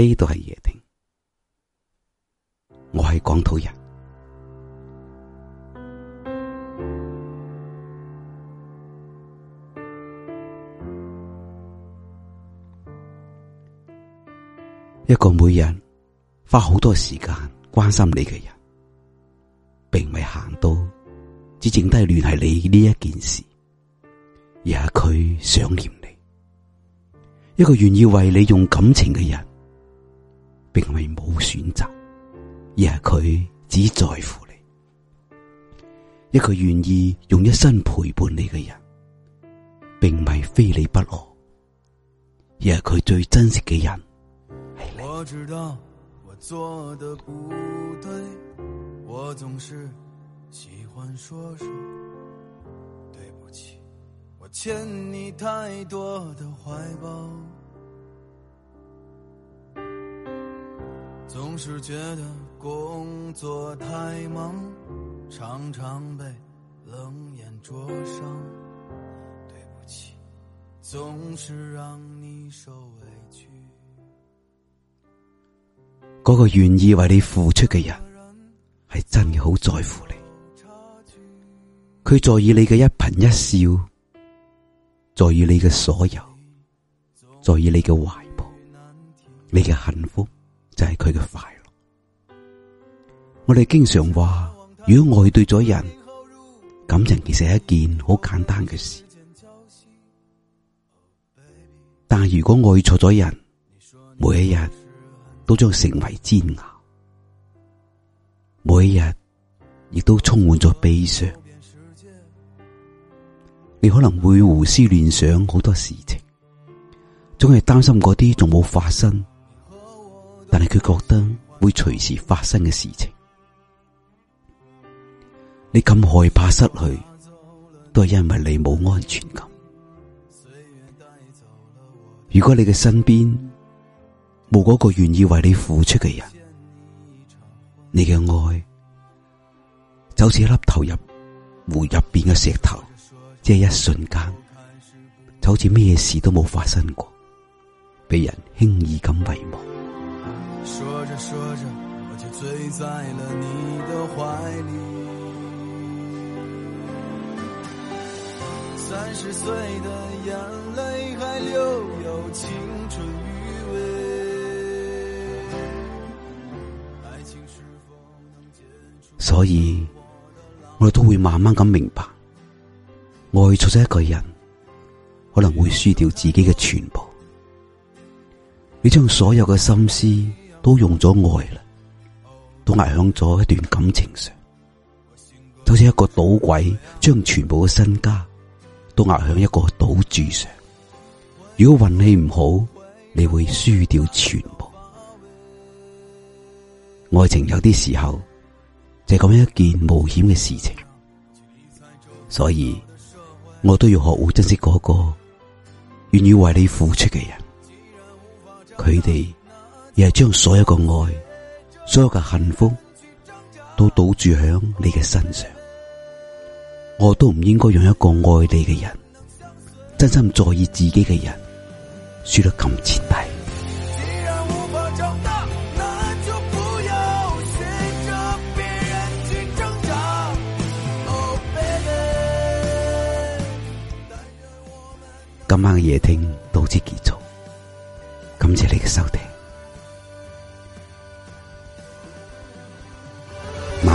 呢度係夜聽，我係廣土人。一個每日花好多時間關心你嘅人，並唔係行到只剩低聯繫你呢一件事，而係佢想念你。一個願意為你用感情嘅人。並未冇選擇，而係佢只在乎你一個。願意用一生陪伴你嘅人並唔係非你不可，而係佢最珍惜嘅人係你。我知道我做得不對，我總是喜歡說說對不起，我欠你太多的懷抱，只是覺得工作太忙，常常被冷眼灼傷。對不起，總是讓你受委屈。嗰個願意為你付出嘅人係真嘅好在乎你，佢在意你嘅一顰一笑，在意你嘅所有，在意你嘅懷抱，你嘅幸福就係佢嘅快樂。我哋經常話，如果愛對咗人，感情其實係一件好簡單嘅事。但係如果愛錯咗人，每一日都將成為煎熬，每一日亦都充滿咗悲傷。你可能會胡思亂想好多事情，總係擔心嗰啲仲冇發生。但係佢覺得會隨時發生嘅事情，你咁害怕失去，都係因為你冇安全感。如果你嘅身邊冇嗰個願意為你付出嘅人，你嘅愛就好似一粒投入湖入邊嘅石頭，即係一瞬間，就好似咩事都冇發生過，俾人輕易咁遺忘。說着說着我就醉在了你的懷裏，三十歲的眼淚還流有青春餘味，愛情是否能。所以我哋都會慢慢咁明白，愛錯咗一個人可能會輸掉自己嘅全部，你將所有嘅心思都用咗愛啦，都壓響咗一段感情上，就好似一個賭鬼將全部嘅身家都壓響一個賭注上。如果運氣唔好，你會輸掉全部。愛情有啲時候就咁樣一件冒險嘅事情，所以我都要學會珍惜嗰個願意為你付出嘅人，佢哋。而係將所有嘅愛、所有嘅幸福都賭住喺你嘅身上，我都唔應該讓一個愛你嘅人，真心在意自己嘅人，輸得咁徹底。今晚嘅夜聽到此結束，感謝你嘅收聽。